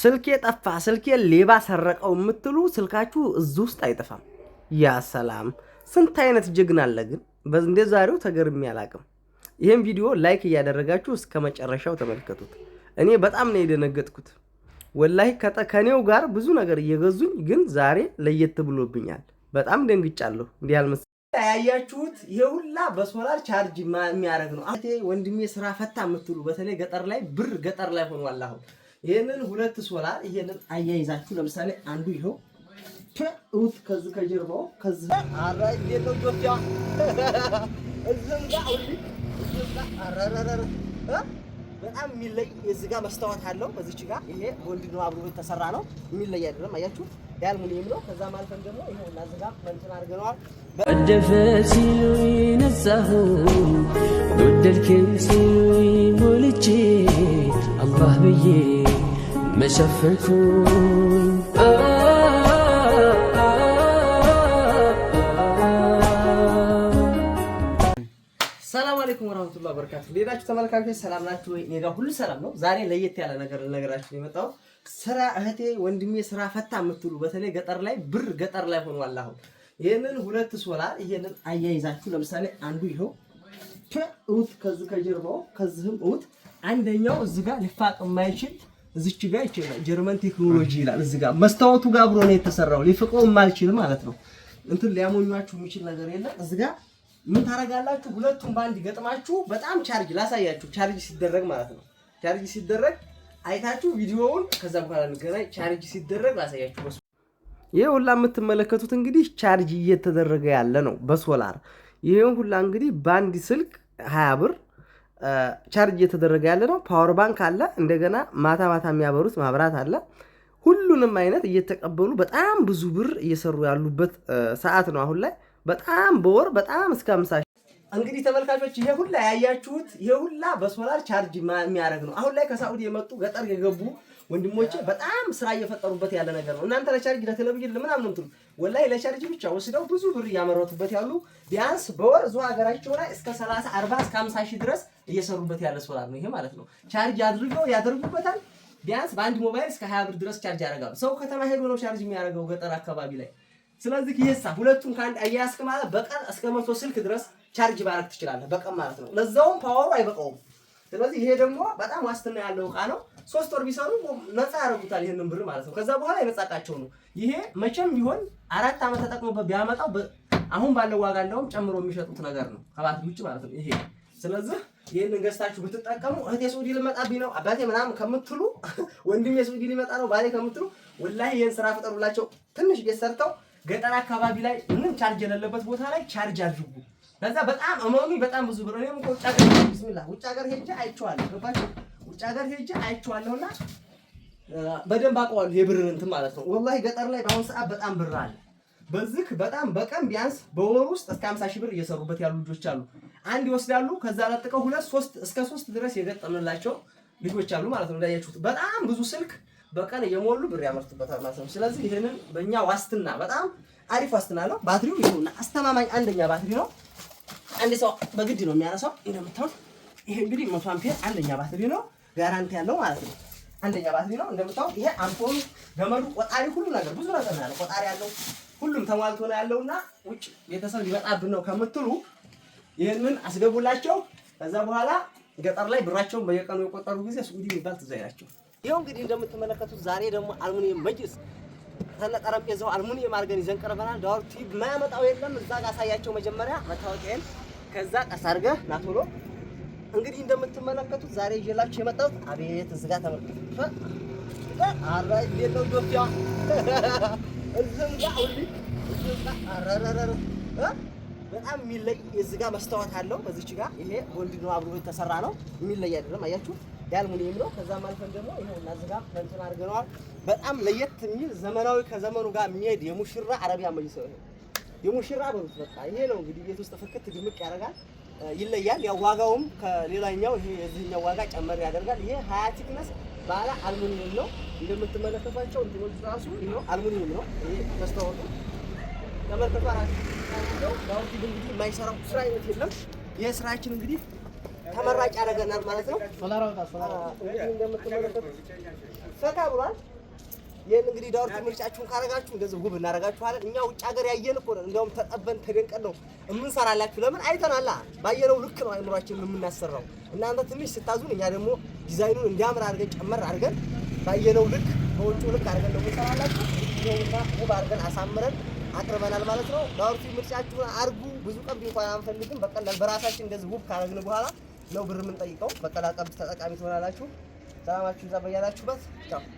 ስልኬ ጠፋ፣ ስልኬ ሌባ ሰረቀው የምትሉ ስልካችሁ እዚ ውስጥ አይጠፋም። ያ ሰላም! ስንት አይነት ጀግና አለ ግን! እንደ ዛሬው ተገርሜ አላቅም። ይህም ቪዲዮ ላይክ እያደረጋችሁ እስከ መጨረሻው ተመልከቱት። እኔ በጣም ነው የደነገጥኩት ወላሂ። ከኔው ጋር ብዙ ነገር እየገዙኝ ግን ዛሬ ለየት ብሎብኛል። በጣም ደንግጫለሁ። እንዲህ ያያችሁት ይሄ ሁላ በሶላር ቻርጅ የሚያደርግ ነው። ወንድሜ ስራ ፈታ የምትሉ በተለይ ገጠር ላይ ብር ገጠር ላይ ሆኗል አሁን ይህንን ሁለት ሶላር ይህንን አያይዛችሁ ለምሳሌ አንዱ ይኸው ውት ከዚህ ከጀርባው ከዚህ በጣም የሚለይ እዚህ ጋር መስታወት አለው። በዚች ጋር ይሄ ወንድ ነው አብሮ ተሰራ ነው። የሚለይ አይደለም። አያችሁ የአልሙኒየም ነው። ከዛ ማለፈን ደግሞ ይሄው እና እዚህ ጋር መንትን አድርገነዋል። ወደፈ ሲሉኝ ነጻሁ ወደድከኝ ሲሉኝ ሞልቼ ጠፋህ ብዬ መሸፈንኩኝ ሰላም አለይኩም ወራህመቱላሂ ወበረካቱ። ሌላችሁ ተመልካቾች ሰላም ናችሁ ወይ? እኔ ጋር ሁሉ ሰላም ነው። ዛሬ ለየት ያለ ነገር ልነግራችሁ የመጣው ስራ እህቴ ወንድሜ ስራ ፈታ የምትሉ በተለይ ገጠር ላይ ብር ገጠር ላይ ሆኗል አሁን ይህንን ሁለት ሶላር ይህንን አያይዛችሁ ለምሳሌ አንዱ ይኸው እውት ከዚህ ከጀርባው ከዚህም እውት አንደኛው እዚህ ጋር ሊፋቅ የማይችል እዚች ጋር ይችላል። ጀርመን ቴክኖሎጂ ይላል። እዚህ ጋር መስታወቱ ጋር አብሮ ነው የተሰራው። ሊፍቀው የማልችል ማለት ነው። እንትን ሊያሞኟችሁ የሚችል ነገር የለም። እዚህ ጋር ምን ታደርጋላችሁ? ሁለቱም በአንድ ገጥማችሁ በጣም ቻርጅ ላሳያችሁ። ቻርጅ ሲደረግ ማለት ነው። ቻርጅ ሲደረግ አይታችሁ ቪዲዮውን ከዛ በኋላ እንገናኝ። ቻርጅ ሲደረግ ላሳያችሁ። ይህ ሁላ የምትመለከቱት እንግዲህ ቻርጅ እየተደረገ ያለ ነው በሶላር። ይሄን ሁላ እንግዲህ በአንድ ስልክ ሀያ ብር ቻርጅ እየተደረገ ያለ ነው። ፓወር ባንክ አለ። እንደገና ማታ ማታ የሚያበሩት ማብራት አለ። ሁሉንም አይነት እየተቀበሉ በጣም ብዙ ብር እየሰሩ ያሉበት ሰዓት ነው አሁን ላይ በጣም በወር በጣም እስከ አምሳ እንግዲህ ተመልካቾች ይሄ ሁላ ያያችሁት ይሄ ሁላ በሶላር ቻርጅ የሚያደርግ ነው። አሁን ላይ ከሳዑዲ የመጡ ገጠር የገቡ ወንድሞቼ በጣም ስራ እየፈጠሩበት ያለ ነገር ነው። እናንተ ለቻርጅ ለቴሌቪዥን ለምናምን ነው ወላሂ ለቻርጅ ብቻ ወስደው ብዙ ብር እያመረቱበት ያሉ ቢያንስ በወር ዙ ሀገራቸው ላይ እስከ 30 40 እስከ 50 ሺህ ድረስ እየሰሩበት ያለ ሶላር ነው ይሄ ማለት ነው። ቻርጅ አድርገው ያደርጉበታል። ቢያንስ በአንድ ሞባይል እስከ 20 ብር ድረስ ቻርጅ ያደርጋሉ። ሰው ከተማ ሄዶ ነው ቻርጅ የሚያደርገው ገጠር አካባቢ ላይ። ስለዚህ ይሄሳ ሁለቱም ከአንድ አያያዝክ ማለት በቀን እስከ መቶ ስልክ ድረስ ቻርጅ ማድረግ ትችላለህ በቀን ማለት ነው። ለዛውም ፓወሩ አይበቃውም። ስለዚህ ይሄ ደግሞ በጣም ዋስትና ያለው እቃ ነው። ሶስት ወር ቢሰሩ ነፃ ያደርጉታል ይህንን ብር ማለት ነው። ከዛ በኋላ የነጻቃቸው ነው። ይሄ መቼም ቢሆን አራት ዓመት ተጠቅሞበት ቢያመጣው አሁን ባለው ዋጋ እንደውም ጨምሮ የሚሸጡት ነገር ነው ከባት ውጭ ማለት ነው ይሄ ስለዚህ ይህንን ገዝታችሁ ብትጠቀሙ እህቴ ስዑዲ ልመጣብኝ ነው አባቴ ምናምን ከምትሉ ወንድሜ ስዑዲ ሊመጣ ነው ባሌ ከምትሉ ወላሂ ይህን ስራ ፍጠሩላቸው። ትንሽ ቤት ሰርተው ገጠር አካባቢ ላይ ምንም ቻርጅ የሌለበት ቦታ ላይ ቻርጅ አድርጉ። በዛ በጣም እመኑ በጣም ብዙ ብር እኔም እኮ ውጭ ሀገር ቢስሚላ ውጭ ሀገር ሄጄ አይቼዋለሁ። ገባችሁ? ውጭ ሀገር ሄጄ አይቼዋለሁና በደንብ አውቀዋለሁ የብር እንትን ማለት ነው። ወላሂ ገጠር ላይ በአሁኑ ሰዓት በጣም ብር አለ። በዚህ በጣም በቀን ቢያንስ በወር ውስጥ እስከ 50 ሺህ ብር እየሰሩበት ያሉ ልጆች አሉ። አንድ ይወስዳሉ፣ ከዛ ለጥቀው ሁለት ሶስት እስከ ሶስት ድረስ የገጠምንላቸው ልጆች አሉ ማለት ነው። እንዳያችሁት በጣም ብዙ ስልክ በቀን እየሞሉ ብር ያመርቱበታል ማለት ነው። ስለዚህ ይሄንን በእኛ ዋስትና በጣም አሪፍ ዋስትና ነው። ባትሪው ይሁን አስተማማኝ አንደኛ ባትሪ ነው። አንድ ሰው በግድ ነው የሚያነሳው። እንደምታዩት ይሄ እንግዲህ መቶ አምፔር አንደኛ ባትሪ ነው፣ ጋራንቲ ያለው ማለት ነው። አንደኛ ባትሪ ነው እንደምታዩት። ይሄ አምፖሉ፣ ገመዱ፣ ቆጣሪ፣ ሁሉ ነገር ብዙ ነገር ነው ያለው። ቆጣሪ ያለው ሁሉም ተሟልቶ ነው ያለውና ውጭ ቤተሰብ ሊመጣብን ነው ከምትሉ ይህንን አስገቡላቸው። ከዛ በኋላ ገጠር ላይ ብራቸውን በየቀኑ የቆጠሩ ጊዜ ሱዲ የሚባል ትዝ ይኸው እንግዲህ እንደምትመለከቱት ዛሬ ደግሞ አልሙኒየም መጅልስ ከነ ጠረጴዛው አልሙኒየም አድርገን ይዘን ቀርበናል። ዳውር ቲቪ የማያመጣው የለም። እዛ ጋር አሳያቸው መጀመሪያ መታወቂያን ከዛ ቀስ አድርገህ እንግዲህ እንደምትመለከቱት ዛሬ ይዤላችሁ የመጣሁት አቤት እዚህ ጋር ተመልከቱ። አራይ ቤለው ዶፊያ እዚህ ጋር ሁሉ እዚህ ጋር በጣም የሚለይ እዚህ ጋር መስታወት አለው። በዚች ጋር ይሄ ወንድ ነው አብሮ የተሰራ ነው። የሚለይ አይደለም አያችሁ፣ የአልሙኒየም ነው። ከዛም አልፈን ደግሞ ይሄውና እዚህ ጋር እንትን አድርገነዋል። በጣም ለየት የሚል ዘመናዊ ከዘመኑ ጋር የሚሄድ የሙሽራ አረቢያ መጅሊስ ነው። የሙሽራ በሉት በቃ ይሄ ነው እንግዲህ ቤት ውስጥ ፍክት ድምቅ ያደርጋል፣ ይለያል። ያው ዋጋውም ከሌላኛው ይሄ የዚህኛው ዋጋ ጨመር ያደርጋል። ይሄ ሀያ ቲክነስ ባለ አልሙኒየም ነው እንደምትመለከቷቸው፣ እንትኖች ራሱ ነው አልሙኒየም ነው። ይሄ መስታወቱ ተመልከቷ። ራሳቸው እንግዲህ የማይሰራው ስራ አይነት የለም። ይሄ ስራችን እንግዲህ ተመራጭ ያደርገናል ማለት ነው። ሶላር አውጣ እንደምትመለከቱ ፈታ ብሏል። ይህን እንግዲህ ዳውር ምርጫችሁን ካረጋችሁ እንደዚህ ውብ እናደርጋችኋለን። እኛ ውጭ ሀገር ያየን እኮ ነን። ተጠበን ተደንቀን ነው የምንሰራላችሁ። ለምን አይተናላ፣ ባየነው ልክ ነው አይምሯችን የምናሰራው። እናንተ ትንሽ ስታዙን፣ እኛ ደግሞ ዲዛይኑን እንዲያምር አድርገን ጨመር አድርገን ባየነው ልክ በውጭ ልክ አድርገን ነው የምንሰራላችሁ። ውብ አድርገን አሳምረን አቅርበናል ማለት ነው። ዳውርቲ ምርጫችሁን አርጉ። ብዙ ቀን እንኳን አንፈልግም። በቀላል በራሳችን እንደዚህ ውብ ካረግን በኋላ ነው ብር የምንጠይቀው። በቀላቀብ ተጠቃሚ ትሆናላችሁ። ሰላማችሁ ይብዛ በያላችሁበት።